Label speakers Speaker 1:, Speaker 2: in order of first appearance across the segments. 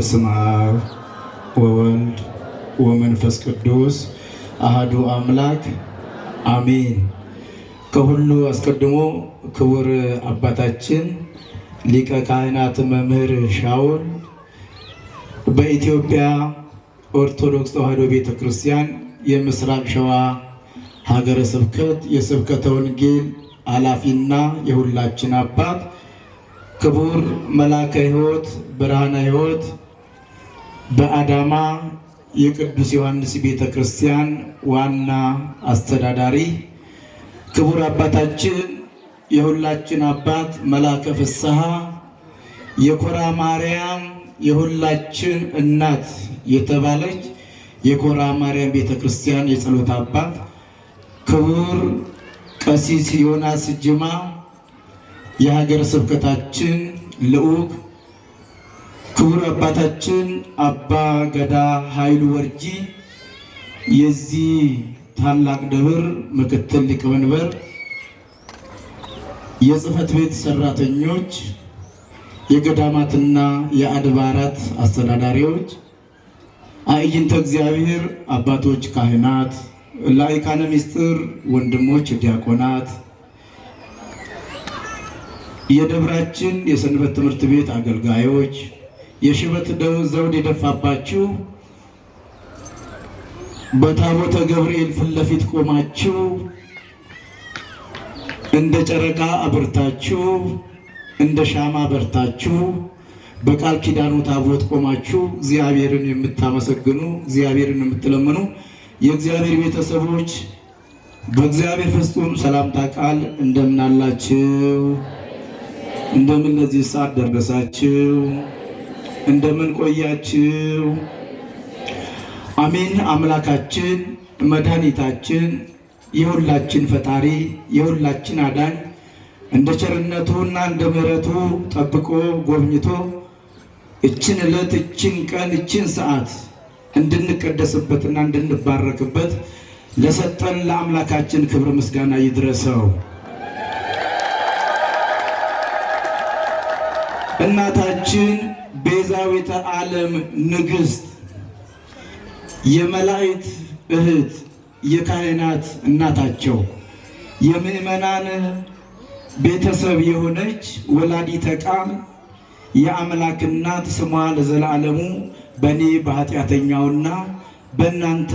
Speaker 1: በስመ አብ ወወልድ ወመንፈስ ቅዱስ አህዱ አምላክ አሜን። ከሁሉ አስቀድሞ ክቡር አባታችን ሊቀ ካህናት መምህር ሻውል በኢትዮጵያ ኦርቶዶክስ ተዋሕዶ ቤተ ክርስቲያን የምስራቅ ሸዋ ሀገረ ስብከት የስብከተ ወንጌል ኃላፊና የሁላችን አባት ክቡር መላከ ሕይወት ብርሃነ ሕይወት በአዳማ የቅዱስ ዮሐንስ ቤተ ክርስቲያን ዋና አስተዳዳሪ ክቡር አባታችን የሁላችን አባት መላከ ፍስሐ የኮራ ማርያም የሁላችን እናት የተባለች የኮራ ማርያም ቤተ ክርስቲያን የጸሎት አባት ክቡር ቀሲስ ዮናስ ጅማ የሀገረ ስብከታችን ልዑክ ክቡር አባታችን አባ ገዳ ኃይሉ ወርጂ የዚህ ታላቅ ደብር ምክትል ሊቀመንበር፣ የጽህፈት ቤት ሰራተኞች፣ የገዳማትና የአድባራት አስተዳዳሪዎች፣ አእይንተ እግዚአብሔር አባቶች፣ ካህናት፣ ላይቃነ ምስጢር ወንድሞች፣ ዲያቆናት የደብራችን የሰንበት ትምህርት ቤት አገልጋዮች የሽበት ዘውድ የደፋባችሁ በታቦተ ገብርኤል ፊት ለፊት ቆማችሁ እንደ ጨረቃ አብርታችሁ እንደ ሻማ በርታችሁ በቃል ኪዳኑ ታቦት ቆማችሁ እግዚአብሔርን የምታመሰግኑ እግዚአብሔርን የምትለምኑ የእግዚአብሔር ቤተሰቦች በእግዚአብሔር ፍጹም ሰላምታ ቃል እንደምናላችሁ እንደምን ለዚህ ሰዓት ደረሳችሁ። እንደምን ቆያችሁ? አሜን። አምላካችን መድኃኒታችን የሁላችን ፈጣሪ የሁላችን አዳኝ እንደ እና እንደ ምሕረቱ ጠብቆ ጎብኝቶ እችን ዕለት እችን ቀን እችን ሰዓት እንድንቀደስበትና እንድንባረክበት ለሰጠን ለአምላካችን ክብር ምስጋና ይድረሰው። እናታችን ቤዛዊተ ዓለም ንግሥት፣ የመላእክት እህት፣ የካህናት እናታቸው የምእመናን ቤተሰብ የሆነች ወላዲተ ቃል የአምላክ እናት ስሟ ለዘላለሙ በእኔ በኃጢአተኛውና በእናንተ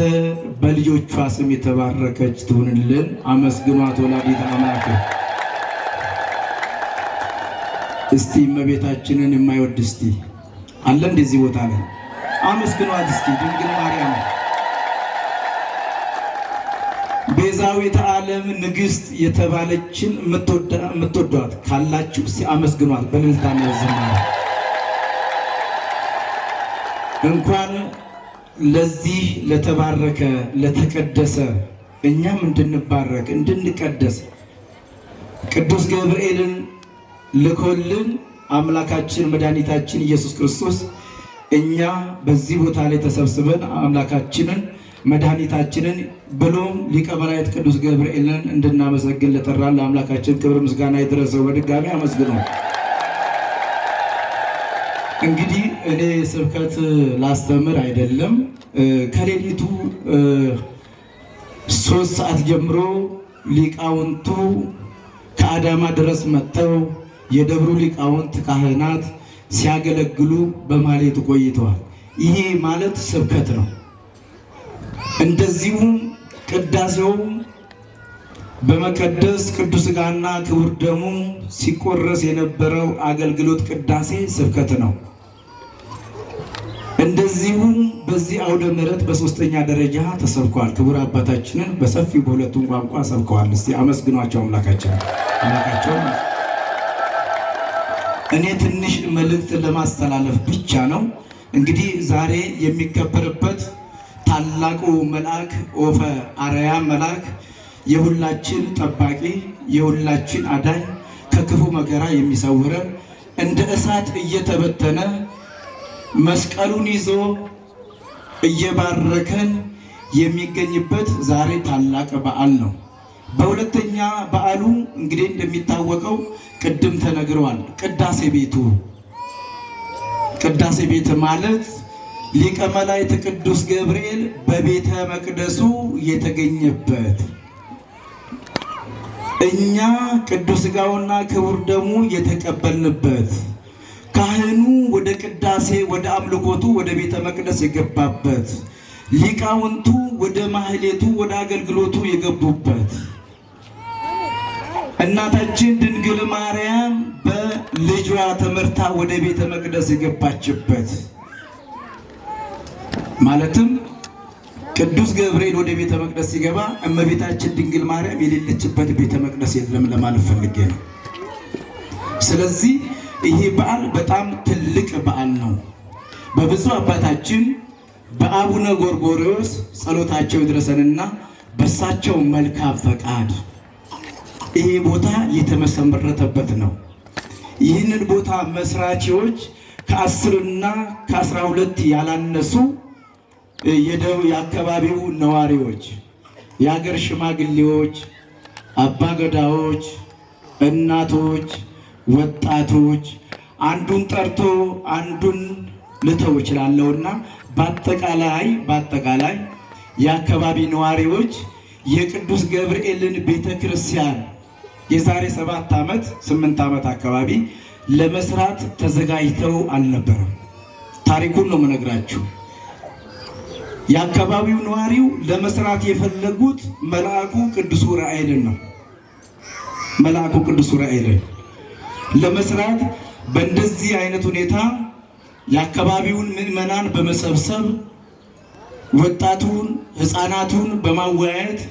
Speaker 1: በልጆቿ ስም የተባረከች ትሁንልን። አመስግኗት ወላዲተ አምላክ። እስቲ እመቤታችንን የማይወድ እስቲ አለ እንደዚህ ቦታ ላይ አመስግኗት እስኪ ድንግል ማርያም ቤዛዊተ ዓለም ንግሥት የተባለችን የምትወዷት ካላችሁ አመስግኗት በእልልታና ዝማሬ። እንኳን ለዚህ ለተባረከ ለተቀደሰ እኛም እንድንባረክ እንድንቀደስ ቅዱስ ገብርኤልን ልኮልን አምላካችን መድኃኒታችን ኢየሱስ ክርስቶስ እኛ በዚህ ቦታ ላይ ተሰብስበን አምላካችንን መድኃኒታችንን ብሎም ሊቀ መላእክት ቅዱስ ገብርኤልን እንድናመሰግን ለጠራን ለአምላካችን ክብር ምስጋና የደረሰው በድጋሚ አመስግነው። እንግዲህ እኔ ስብከት ላስተምር አይደለም። ከሌሊቱ ሶስት ሰዓት ጀምሮ ሊቃውንቱ ከአዳማ ድረስ መጥተው የደብሩ ሊቃውንት ካህናት ሲያገለግሉ በማሌት ቆይተዋል። ይሄ ማለት ስብከት ነው። እንደዚሁም ቅዳሴውም በመቀደስ ቅዱስ ሥጋና ክቡር ደሙ ሲቆረስ የነበረው አገልግሎት ቅዳሴ ስብከት ነው። እንደዚሁም በዚህ አውደ ምሕረት በሶስተኛ ደረጃ ተሰብኳል። ክቡር አባታችንን በሰፊው በሁለቱም ቋንቋ ሰብከዋል። እስቲ አመስግኗቸው አምላካቸው አምላካቸው እኔ ትንሽ መልእክት ለማስተላለፍ ብቻ ነው። እንግዲህ ዛሬ የሚከበርበት ታላቁ መልአክ ኦፈ አርያ መልአክ የሁላችን ጠባቂ፣ የሁላችን አዳኝ፣ ከክፉ መከራ የሚሰውረ እንደ እሳት እየተበተነ መስቀሉን ይዞ እየባረከን የሚገኝበት ዛሬ ታላቅ በዓል ነው። በሁለተኛ በዓሉ እንግዲህ እንደሚታወቀው ቅድም ተነግሯል። ቅዳሴ ቤቱ ቅዳሴ ቤት ማለት ሊቀ መላእክት ቅዱስ ገብርኤል በቤተ መቅደሱ የተገኘበት እኛ ቅዱስ ሥጋውና ክቡር ደሙ የተቀበልንበት ካህኑ ወደ ቅዳሴ ወደ አምልኮቱ ወደ ቤተ መቅደስ የገባበት ሊቃውንቱ ወደ ማህሌቱ ወደ አገልግሎቱ የገቡበት እናታችን ድንግል ማርያም በልጇ ተመርታ ወደ ቤተ መቅደስ የገባችበት ማለትም ቅዱስ ገብርኤል ወደ ቤተ መቅደስ ሲገባ እመቤታችን ድንግል ማርያም የሌለችበት ቤተ መቅደስ የለም ለማለት ፈልጌ ነው። ስለዚህ ይሄ በዓል በጣም ትልቅ በዓል ነው። በብዙ አባታችን በአቡነ ጎርጎርዮስ ጸሎታቸው ይድረሰንና በእሳቸው መልካም ፈቃድ ይሄ ቦታ የተመሰመረተበት ነው። ይህንን ቦታ መስራቾች ከአስርና ከአስራ ሁለት ያላነሱ የአካባቢው ነዋሪዎች፣ የሀገር ሽማግሌዎች፣ አባገዳዎች፣ እናቶች፣ ወጣቶች አንዱን ጠርቶ አንዱን ልተው ይችላለውና በአጠቃላይ በአጠቃላይ የአካባቢ ነዋሪዎች የቅዱስ ገብርኤልን ቤተ ክርስቲያን የዛሬ ሰባት ዓመት ስምንት ዓመት አካባቢ ለመስራት ተዘጋጅተው አልነበረም። ታሪኩን ነው የምነግራችሁ። የአካባቢው ነዋሪው ለመስራት የፈለጉት መልአኩ ቅዱስ ዑራኤልን ነው። መልአኩ ቅዱስ ዑራኤልን ለመስራት በእንደዚህ አይነት ሁኔታ የአካባቢውን ምዕመናን በመሰብሰብ ወጣቱን፣ ህፃናቱን በማወያየት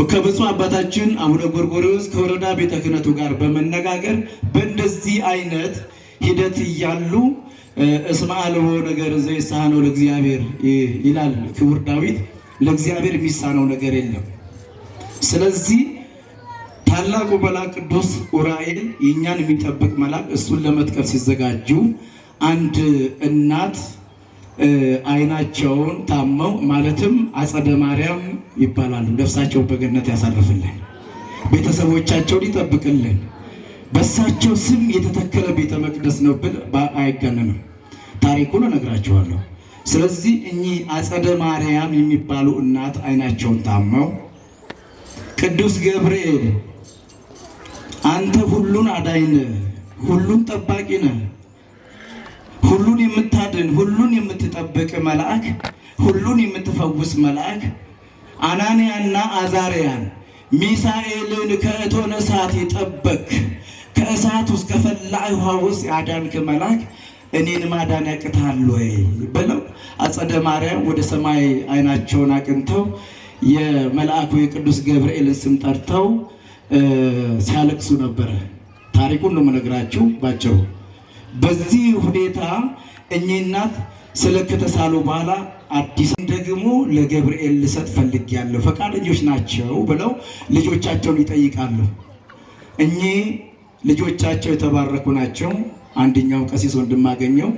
Speaker 1: ከብፁዕ አባታችን አቡነ ጎርጎርዮስ ከወረዳ ቤተ ክህነቱ ጋር በመነጋገር በእንደዚህ አይነት ሂደት እያሉ እስመ አልቦ ነገር ዘይሳነው ለእግዚአብሔር ይላል ክቡር ዳዊት። ለእግዚአብሔር የሚሳነው ነገር የለም። ስለዚህ ታላቁ መልአክ ቅዱስ ዑራኤል የእኛን የሚጠብቅ መልአክ እሱን ለመጥቀፍ ሲዘጋጁ አንድ እናት አይናቸውን ታመው ማለትም አጸደ ማርያም ይባላሉ። ነፍሳቸው በገነት ያሳርፍልን፣ ቤተሰቦቻቸውን ይጠብቅልን። በእሳቸው ስም የተተከለ ቤተ መቅደስ ነው ብል ታሪኩ ታሪኩን እነግራችኋለሁ። ስለዚህ እኚህ አጸደ ማርያም የሚባሉ እናት አይናቸውን ታመው ቅዱስ ገብርኤል አንተ ሁሉን አዳይነ ሁሉን ጠባቂ ነህ ሁሉን የምታድን ሁሉን የምትጠብቅ መልአክ፣ ሁሉን የምትፈውስ መልአክ አናንያና አዛርያን ሚሳኤልን ከእቶን እሳት የጠበቅ ከእሳት ውስጥ ከፈላ ውሃ ውስጥ ያዳንክ መልአክ እኔን ማዳን ያቅታል ወይ ብለው አጸደ ማርያም ወደ ሰማይ አይናቸውን አቅንተው የመልአኩ የቅዱስ ገብርኤልን ስም ጠርተው ሲያለቅሱ ነበረ። ታሪኩን ነው የምነግራችሁ ባጭሩ። በዚህ ሁኔታ እኚህ እናት ስለ ከተሳሉ በኋላ አዲስ ደግሞ ለገብርኤል ልሰጥ ፈልጌያለሁ ፈቃደኞች ናቸው ብለው ልጆቻቸውን ይጠይቃሉ። እኚህ ልጆቻቸው የተባረኩ ናቸው። አንደኛው ቀሲስ ወንድማገኘው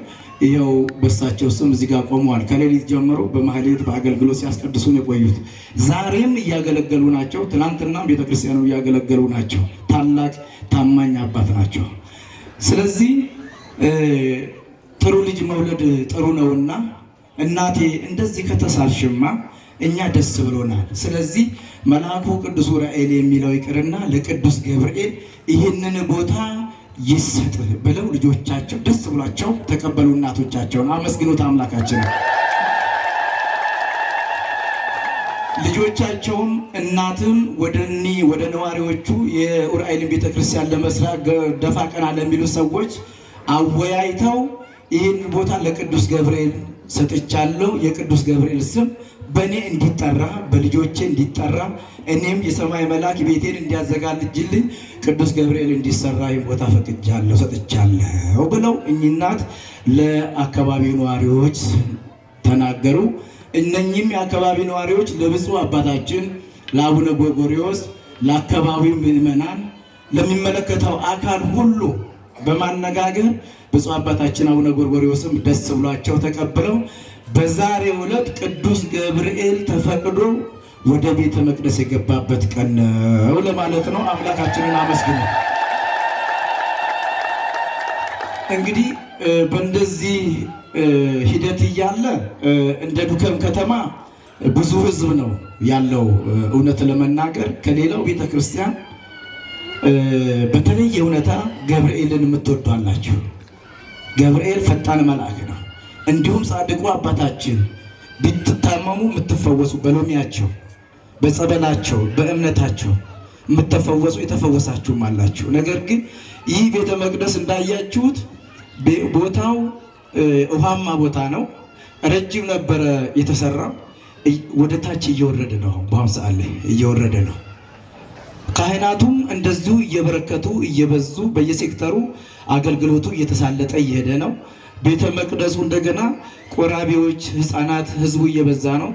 Speaker 1: ይኸው በሳቸው ስም እዚህ ጋር ቆመዋል። ከሌሊት ጀምሮ በማህሌት በአገልግሎት ሲያስቀድሱ የቆዩት። ዛሬም እያገለገሉ ናቸው። ትናንትናም ቤተክርስቲያኑ እያገለገሉ ናቸው። ታላቅ ታማኝ አባት ናቸው። ስለዚህ ጥሩ ልጅ መውለድ ጥሩ ነውና እናቴ እንደዚህ ከተሳልሽማ እኛ ደስ ብሎናል። ስለዚህ መልአኩ ቅዱስ ዑራኤል የሚለው ይቅርና ለቅዱስ ገብርኤል ይህንን ቦታ ይሰጥ ብለው ልጆቻቸው ደስ ብሏቸው ተቀበሉ። እናቶቻቸውን አመስግኖት አምላካችን ልጆቻቸውም እናትም ወደ እኒ ወደ ነዋሪዎቹ የዑራኤልን ቤተክርስቲያን ለመስራት ደፋ ቀና ለሚሉ ሰዎች አወያይተው ይህን ቦታ ለቅዱስ ገብርኤል ሰጥቻለሁ። የቅዱስ ገብርኤል ስም በእኔ እንዲጠራ በልጆቼ እንዲጠራ እኔም የሰማይ መልአክ ቤቴን እንዲያዘጋጅልኝ ቅዱስ ገብርኤል እንዲሰራ ይህን ቦታ ፈቅጃለሁ ሰጥቻለሁ ብለው እኚህ እናት ለአካባቢው ነዋሪዎች ተናገሩ። እነኚህም የአካባቢ ነዋሪዎች ለብፁዕ አባታችን ለአቡነ ጎርጎርዮስ፣ ለአካባቢው ምዕመናን፣ ለሚመለከተው አካል ሁሉ በማነጋገር ብፁዕ አባታችን አቡነ ጎርጎርዮስም ደስ ብሏቸው ተቀብለው በዛሬ ዕለት ቅዱስ ገብርኤል ተፈቅዶ ወደ ቤተ መቅደስ የገባበት ቀን ነው ለማለት ነው። አምላካችንን አመስግነ እንግዲህ በእንደዚህ ሂደት እያለ እንደ ዱከም ከተማ ብዙ ሕዝብ ነው ያለው እውነት ለመናገር ከሌላው ቤተ ክርስቲያን በተለየ እውነታ ገብርኤልን የምትወዱ አላችሁ። ገብርኤል ፈጣን መልአክ ነው። እንዲሁም ጻድቁ አባታችን ብትታመሙ የምትፈወሱ በሎሚያቸው፣ በጸበላቸው፣ በእምነታቸው የምትፈወሱ የተፈወሳችሁም አላችሁ። ነገር ግን ይህ ቤተ መቅደስ እንዳያችሁት ቦታው ውሃማ ቦታ ነው። ረጅም ነበረ የተሰራ። ወደ ታች እየወረደ ነው። በአሁኑ ሰዓት ላይ እየወረደ ነው። ካህናቱም እንደዚሁ እየበረከቱ እየበዙ በየሴክተሩ አገልግሎቱ እየተሳለጠ እየሄደ ነው። ቤተ መቅደሱ እንደገና ቆራቢዎች፣ ህፃናት ህዝቡ እየበዛ ነው።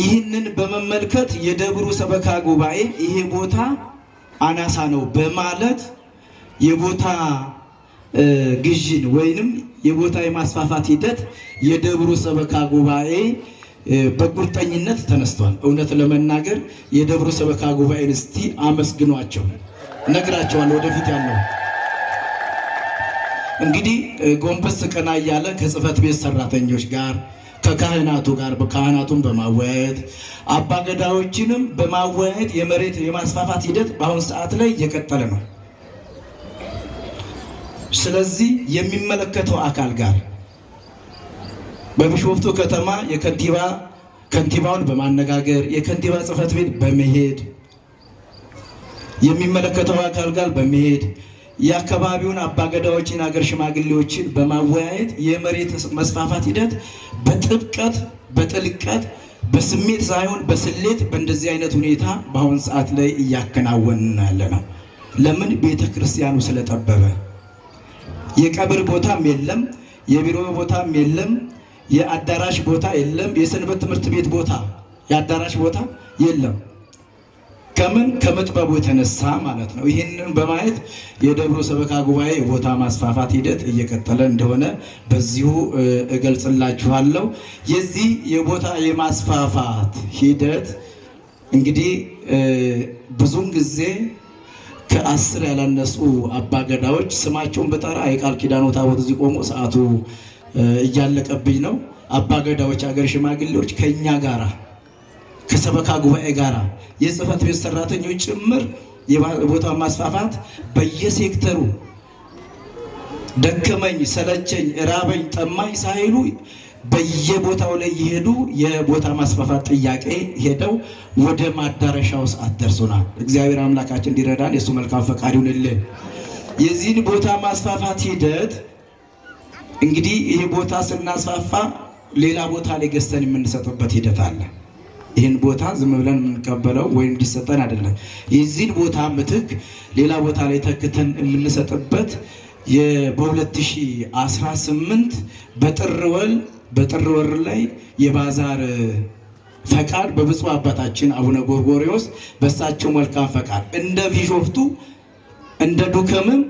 Speaker 1: ይህንን በመመልከት የደብሩ ሰበካ ጉባኤ ይሄ ቦታ አናሳ ነው በማለት የቦታ ግዥን ወይንም የቦታ የማስፋፋት ሂደት የደብሩ ሰበካ ጉባኤ በቁርጠኝነት ተነስቷል። እውነት ለመናገር የደብረ ሰበካ ጉባኤን እስቲ አመስግኗቸው፣ ነግራቸዋል ወደፊት ያለው እንግዲህ ጎንበስ ቀና እያለ ከጽህፈት ቤት ሰራተኞች ጋር ከካህናቱ ጋር ካህናቱን በማወያየት አባገዳዎችንም በማወያየት የመሬት የማስፋፋት ሂደት በአሁኑ ሰዓት ላይ እየቀጠለ ነው። ስለዚህ የሚመለከተው አካል ጋር በቢሾፍቱ ከተማ የከንቲባ ከንቲባውን በማነጋገር የከንቲባ ጽህፈት ቤት በመሄድ የሚመለከተው አካል ጋር በመሄድ የአካባቢውን አባገዳዎችን፣ አገር ሽማግሌዎችን በማወያየት የመሬት መስፋፋት ሂደት በጥብቀት በጥልቀት በስሜት ሳይሆን በስሌት በእንደዚህ አይነት ሁኔታ በአሁን ሰዓት ላይ እያከናወንን ያለ ነው። ለምን ቤተ ክርስቲያኑ ስለጠበበ የቀብር ቦታም የለም፣ የቢሮ ቦታም የለም። የአዳራሽ ቦታ የለም። የሰንበት ትምህርት ቤት ቦታ የአዳራሽ ቦታ የለም። ከምን ከመጥበቡ የተነሳ ማለት ነው። ይህንን በማየት የደብሮ ሰበካ ጉባኤ ቦታ ማስፋፋት ሂደት እየቀጠለ እንደሆነ በዚሁ እገልጽላችኋለሁ። የዚህ የቦታ የማስፋፋት ሂደት እንግዲህ ብዙን ጊዜ ከአስር ያላነሱ አባገዳዎች ስማቸውን በጠራ የቃል ኪዳኑ ታቦት እዚህ ቆሞ ሰዓቱ እያለቀብኝ ነው። አባገዳዎች፣ አገር ሽማግሌዎች ከእኛ ጋራ ከሰበካ ጉባኤ ጋራ የጽህፈት ቤት ሰራተኞች ጭምር የቦታ ማስፋፋት በየሴክተሩ ደከመኝ፣ ሰለቸኝ፣ እራበኝ፣ ጠማኝ ሳይሉ በየቦታው ላይ እየሄዱ የቦታ ማስፋፋት ጥያቄ ሄደው ወደ ማዳረሻው ሰዓት ደርሶናል። እግዚአብሔር አምላካችን እንዲረዳን የእሱ መልካም ፈቃድ ይሁንልን። የዚህን ቦታ ማስፋፋት ሂደት እንግዲህ ይህ ቦታ ስናስፋፋ ሌላ ቦታ ላይ ገዝተን የምንሰጥበት ሂደት አለ። ይህን ቦታ ዝም ብለን የምንቀበለው ወይም እንዲሰጠን አይደለም። የዚህን ቦታ ምትክ ሌላ ቦታ ላይ ተክተን የምንሰጥበት በ2018 በጥር ወር በጥር ወር ላይ የባዛር ፈቃድ በብፁ አባታችን አቡነ ጎርጎሪዎስ በእሳቸው መልካም ፈቃድ እንደ ቢሾፍቱ እንደ ዱከምም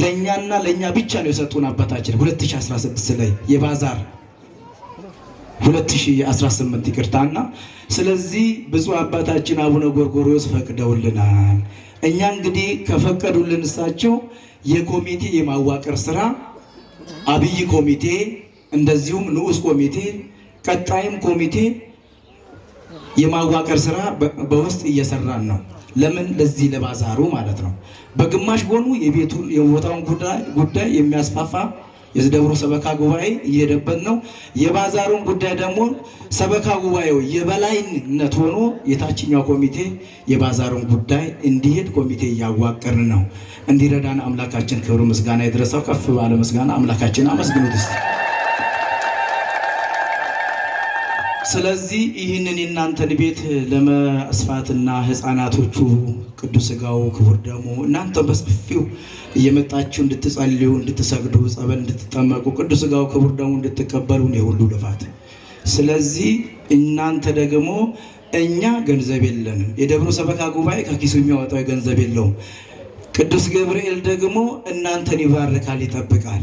Speaker 1: ለእኛና ለእኛ ብቻ ነው የሰጡን አባታችን 2016 ላይ የባዛር 2018 ይቅርታና ስለዚህ ብፁዕ አባታችን አቡነ ጎርጎርዮስ ፈቅደውልናል። እኛ እንግዲህ ከፈቀዱልን እሳቸው የኮሚቴ የማዋቀር ስራ አብይ ኮሚቴ፣ እንደዚሁም ንዑስ ኮሚቴ፣ ቀጣይም ኮሚቴ የማዋቀር ስራ በውስጥ እየሰራን ነው። ለምን ለዚህ ለባዛሩ ማለት ነው። በግማሽ ጎኑ የቤቱን የቦታውን ጉዳይ የሚያስፋፋ የደብሩ ሰበካ ጉባኤ እየሄደበት ነው። የባዛሩን ጉዳይ ደግሞ ሰበካ ጉባኤው የበላይነት ሆኖ የታችኛው ኮሚቴ የባዛሩን ጉዳይ እንዲሄድ ኮሚቴ እያዋቀርን ነው። እንዲረዳን አምላካችን ክብሩ ምስጋና የደረሰው ከፍ ባለ ምስጋና አምላካችን አመስግኑት። ስለዚህ ይህንን የእናንተን ቤት ለመስፋትና ህፃናቶቹ ቅዱስ ጋው ክቡር ደግሞ እናንተ በሰፊው እየመጣችሁ እንድትጸልዩ፣ እንድትሰግዱ፣ ጸበል እንድትጠመቁ፣ ቅዱስ ሥጋው ክቡር ደግሞ እንድትቀበሉ ነው የሁሉ ልፋት። ስለዚህ እናንተ ደግሞ እኛ ገንዘብ የለንም። የደብረ ሰበካ ጉባኤ ከኪሱ የሚያወጣው ገንዘብ የለውም። ቅዱስ ገብርኤል ደግሞ እናንተን ይባርካል፣ ይጠብቃል።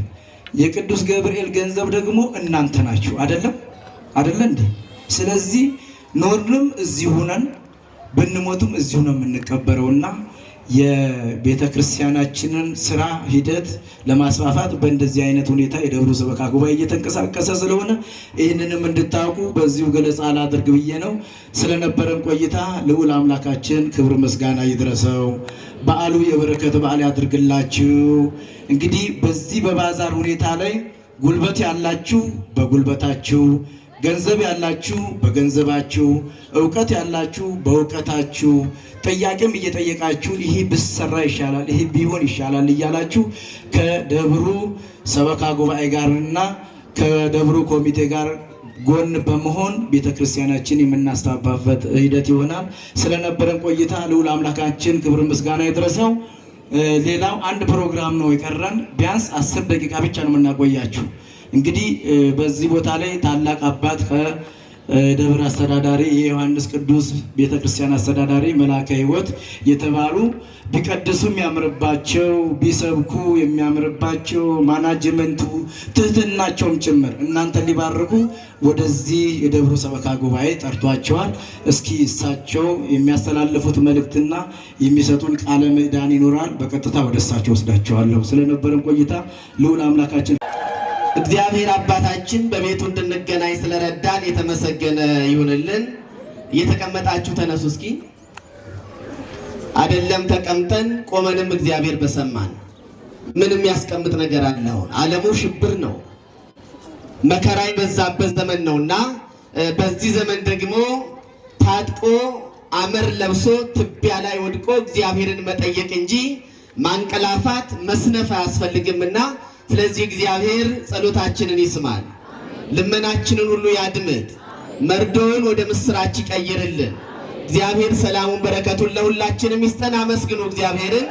Speaker 1: የቅዱስ ገብርኤል ገንዘብ ደግሞ እናንተ ናችሁ። አደለም? አደለ እንዴ? ስለዚህ ኖርንም እዚሁ ሁነን ብንሞትም እዚሁ ነው የምንቀበረውና የቤተ ክርስቲያናችንን ስራ ሂደት ለማስፋፋት በእንደዚህ አይነት ሁኔታ የደብሩ ሰበካ ጉባኤ እየተንቀሳቀሰ ስለሆነ ይህንንም እንድታውቁ በዚሁ ገለጻ ላድርግ ብዬ ነው። ስለነበረን ቆይታ ልዑል አምላካችን ክብር ምስጋና ይድረሰው። በዓሉ የበረከት በዓል ያድርግላችሁ። እንግዲህ በዚህ በባዛር ሁኔታ ላይ ጉልበት ያላችሁ በጉልበታችሁ ገንዘብ ያላችሁ በገንዘባችሁ፣ እውቀት ያላችሁ በእውቀታችሁ፣ ጥያቄም እየጠየቃችሁ ይሄ ብሰራ ይሻላል፣ ይሄ ቢሆን ይሻላል እያላችሁ ከደብሩ ሰበካ ጉባኤ ጋርና ከደብሩ ኮሚቴ ጋር ጎን በመሆን ቤተ ክርስቲያናችን የምናስተባበት ሂደት ይሆናል። ስለነበረን ቆይታ ልዑል አምላካችን ክብር ምስጋና ይድረሰው። ሌላው አንድ ፕሮግራም ነው የቀረን። ቢያንስ አስር ደቂቃ ብቻ ነው የምናቆያችሁ። እንግዲህ በዚህ ቦታ ላይ ታላቅ አባት ከደብር አስተዳዳሪ የዮሐንስ ቅዱስ ቤተክርስቲያን አስተዳዳሪ መላከ ሕይወት የተባሉ ቢቀድሱ የሚያምርባቸው፣ ቢሰብኩ የሚያምርባቸው ማናጅመንቱ ትህትናቸውም ጭምር እናንተ ሊባርኩ ወደዚህ የደብሩ ሰበካ ጉባኤ ጠርቷቸዋል። እስኪ እሳቸው የሚያስተላልፉት መልእክትና የሚሰጡን ቃለ ምዕዳን ይኖራል። በቀጥታ ወደ እሳቸው ወስዳቸዋለሁ። ስለነበረን ቆይታ ልዑል አምላካችን እግዚአብሔር አባታችን በቤቱ እንድንገናኝ ስለረዳን የተመሰገነ ይሁንልን። እየተቀመጣችሁ ተነሱ እስኪ። አይደለም ተቀምጠን ቆመንም እግዚአብሔር በሰማን። ምንም ያስቀምጥ ነገር አለ? አሁን ዓለሙ ሽብር ነው፣ መከራ የበዛበት ዘመን ነውና በዚህ ዘመን ደግሞ ታጥቆ አመር ለብሶ ትቢያ ላይ ወድቆ እግዚአብሔርን መጠየቅ እንጂ ማንቀላፋት መስነፍ አያስፈልግምና ስለዚህ እግዚአብሔር ጸሎታችንን ይስማል፣ ልመናችንን ሁሉ ያድምጥ፣ መርዶውን ወደ ምስራች ይቀይርልን። እግዚአብሔር ሰላሙን በረከቱን ለሁላችንም ይስጠን። አመስግኑ እግዚአብሔርን።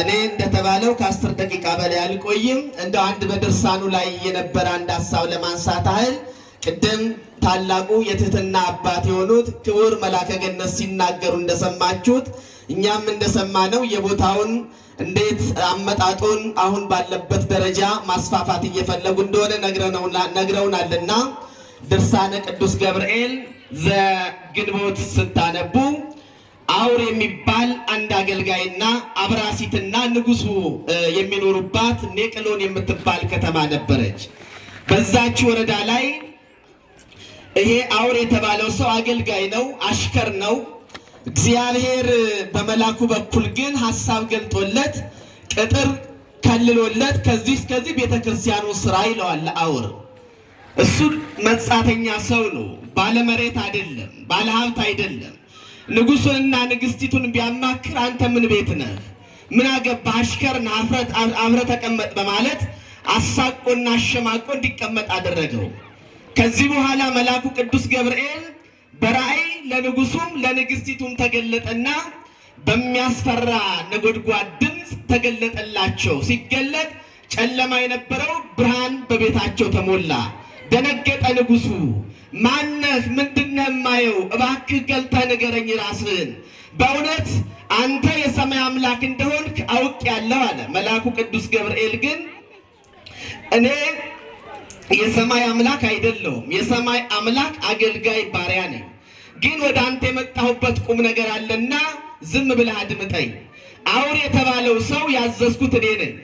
Speaker 1: እኔ እንደተባለው ከአስር ደቂቃ በላይ አልቆይም። እንደ አንድ በድርሳኑ ላይ የነበረ አንድ ሀሳብ ለማንሳት አህል ቅድም ታላቁ የትህትና አባት የሆኑት ክቡር መላከ ገነት ሲናገሩ እንደሰማችሁት እኛም እንደሰማነው የቦታውን እንዴት አመጣጡን አሁን ባለበት ደረጃ ማስፋፋት እየፈለጉ እንደሆነ ነግረውናልና ድርሳነ ቅዱስ ገብርኤል ዘግንቦት ስታነቡ አውር የሚባል አንድ አገልጋይና አብራሲትና ንጉሱ የሚኖሩባት ኔቅሎን የምትባል ከተማ ነበረች። በዛች ወረዳ ላይ ይሄ አውር የተባለው ሰው አገልጋይ ነው፣ አሽከር ነው። እግዚአብሔር በመላኩ በኩል ግን ሀሳብ ገልጦለት ቅጥር ከልሎለት ከዚህ እስከዚህ ቤተክርስቲያኑ ስራ ይለዋል። አውር እሱ መጻተኛ ሰው ነው። ባለመሬት አይደለም፣ ባለሀብት አይደለም። ንጉሱንና ንግስቲቱን ቢያማክር አንተ ምን ቤት ነህ? ምን አገባህ? አሽከርን አብረ ተቀመጥ በማለት አሳቆና አሸማቆ እንዲቀመጥ አደረገው። ከዚህ በኋላ መልአኩ ቅዱስ ገብርኤል በራእይ ለንጉሱም ለንግስቲቱም ተገለጠና በሚያስፈራ ነጎድጓድ ድምፅ ተገለጠላቸው። ሲገለጥ ጨለማ የነበረው ብርሃን በቤታቸው ተሞላ። ደነገጠ ንጉሱ። ማነህ? ምንድነ የማየው? እባክህ ገልተ ንገረኝ ራስህን። በእውነት አንተ የሰማይ አምላክ እንደሆንክ አውቅ ያለው አለ። መልአኩ ቅዱስ ገብርኤል ግን እኔ የሰማይ አምላክ አይደለሁም። የሰማይ አምላክ አገልጋይ ባሪያ ነኝ። ግን ወደ አንተ የመጣሁበት ቁም ነገር አለና ዝም ብለህ አድምጠኝ። አውር የተባለው ሰው ያዘዝኩት እኔ ነኝ።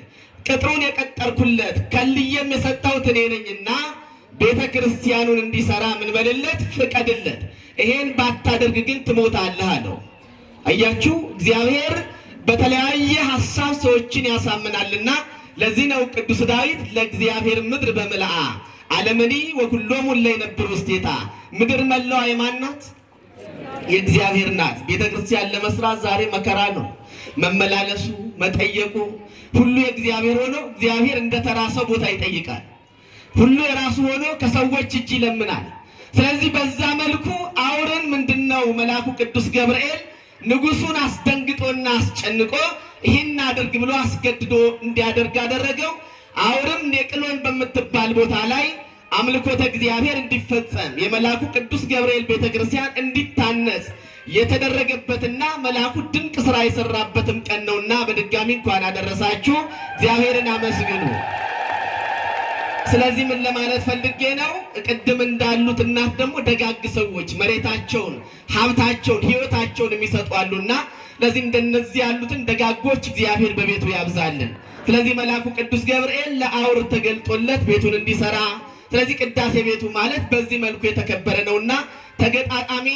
Speaker 1: ቅጥሩን የቀጠርኩለት ከልየም የሰጠሁት እኔ ነኝና ቤተ ክርስቲያኑን እንዲሰራ ምን በልለት ፍቀድለት። ይሄን ባታደርግ ግን ትሞታለህ አለው። አያችሁ፣ እግዚአብሔር በተለያየ ሀሳብ ሰዎችን ያሳምናልና ለዚህ ነው ቅዱስ ዳዊት ለእግዚአብሔር ምድር በምልአ አለምኒ ወኩሎሙ እለ ውስቴታ ምድር መላዋ የማን ናት? የእግዚአብሔር ናት። ቤተ ክርስቲያን ለመስራት ዛሬ መከራ ነው። መመላለሱ፣ መጠየቁ ሁሉ የእግዚአብሔር ሆኖ እግዚአብሔር እንደ ተራ ሰው ቦታ ይጠይቃል። ሁሉ የራሱ ሆኖ ከሰዎች እጅ ይለምናል። ስለዚህ በዛ መልኩ አውረን ምንድነው መልአኩ ቅዱስ ገብርኤል ንጉሱን አስደንግጦና አስጨንቆ ይህን አድርግ ብሎ አስገድዶ እንዲያደርግ አደረገው። አውርም ኔቅሎን በምትባል ቦታ ላይ አምልኮተ እግዚአብሔር እንዲፈጸም የመልአኩ ቅዱስ ገብርኤል ቤተክርስቲያን እንዲታነጽ የተደረገበትና መልአኩ ድንቅ ስራ የሰራበትም ቀን ነውና በድጋሚ እንኳን አደረሳችሁ፣ እግዚአብሔርን አመስግኑ። ስለዚህ ምን ለማለት ፈልጌ ነው? ቅድም እንዳሉት እናት ደግሞ ደጋግ ሰዎች መሬታቸውን፣ ሀብታቸውን፣ ህይወታቸውን የሚሰጡ አሉና ለዚህ እንደነዚህ ያሉትን ደጋጎች እግዚአብሔር በቤቱ ያብዛልን። ስለዚህ መልአኩ ቅዱስ ገብርኤል ለአውር ተገልጦለት ቤቱን እንዲሰራ ስለዚህ ቅዳሴ ቤቱ ማለት በዚህ መልኩ የተከበረ ነውና ተገጣጣሚ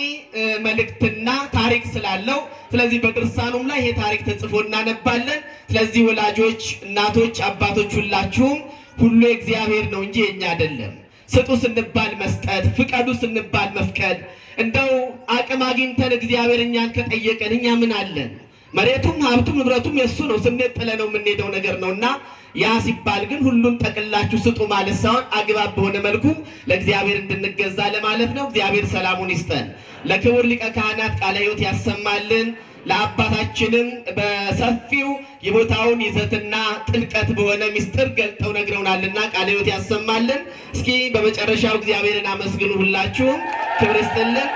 Speaker 1: መልእክትና ታሪክ ስላለው ስለዚህ በድርሳኑም ላይ ይሄ ታሪክ ተጽፎ እናነባለን። ስለዚህ ወላጆች፣ እናቶች፣ አባቶች ሁላችሁም ሁሉ እግዚአብሔር ነው እንጂ የኛ አይደለም። ስጡ ስንባል መስጠት፣ ፍቀዱ ስንባል መፍቀድ። እንደው አቅም አግኝተን እግዚአብሔር እኛን ከጠየቀን እኛ ምን አለን? መሬቱም ሀብቱም ንብረቱም የእሱ ነው። ስሜት ጥለ ነው የምንሄደው ነገር ነው እና ያ ሲባል ግን ሁሉን ጠቅላችሁ ስጡ ማለት ሳይሆን አግባብ በሆነ መልኩ ለእግዚአብሔር እንድንገዛ ለማለት ነው። እግዚአብሔር ሰላሙን ይስጠን። ለክቡር ሊቀ ካህናት ቃለ ሕይወት ያሰማልን። ለአባታችንም በሰፊው የቦታውን ይዘትና ጥልቀት በሆነ ሚስጥር ገልጠው ነግረውናልና ቃለ ሕይወት ያሰማልን። እስኪ በመጨረሻው እግዚአብሔርን አመስግኑ። ሁላችሁም ክብር ይስጥልን።